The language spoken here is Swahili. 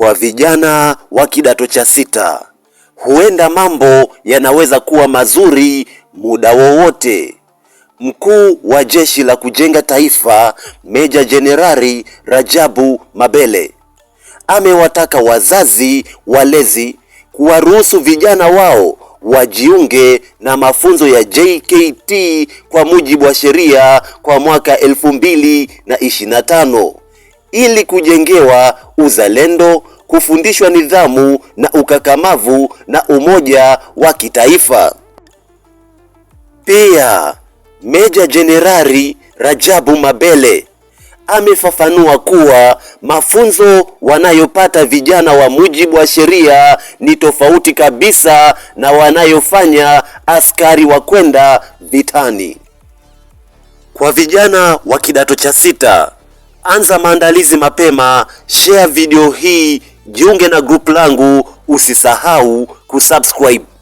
Kwa vijana wa kidato cha sita, huenda mambo yanaweza kuwa mazuri muda wowote. Mkuu wa Jeshi la Kujenga Taifa Meja Jenerali Rajabu Mabele amewataka wazazi walezi kuwaruhusu vijana wao wajiunge na mafunzo ya JKT kwa mujibu wa sheria kwa mwaka 2025 ili kujengewa uzalendo, kufundishwa nidhamu na ukakamavu na umoja wa kitaifa. Pia Meja Jenerali Rajabu Mabele amefafanua kuwa mafunzo wanayopata vijana wa mujibu wa sheria ni tofauti kabisa na wanayofanya askari wa kwenda vitani. Kwa vijana wa kidato cha sita anza maandalizi mapema, share video hii, jiunge na group langu, usisahau kusubscribe.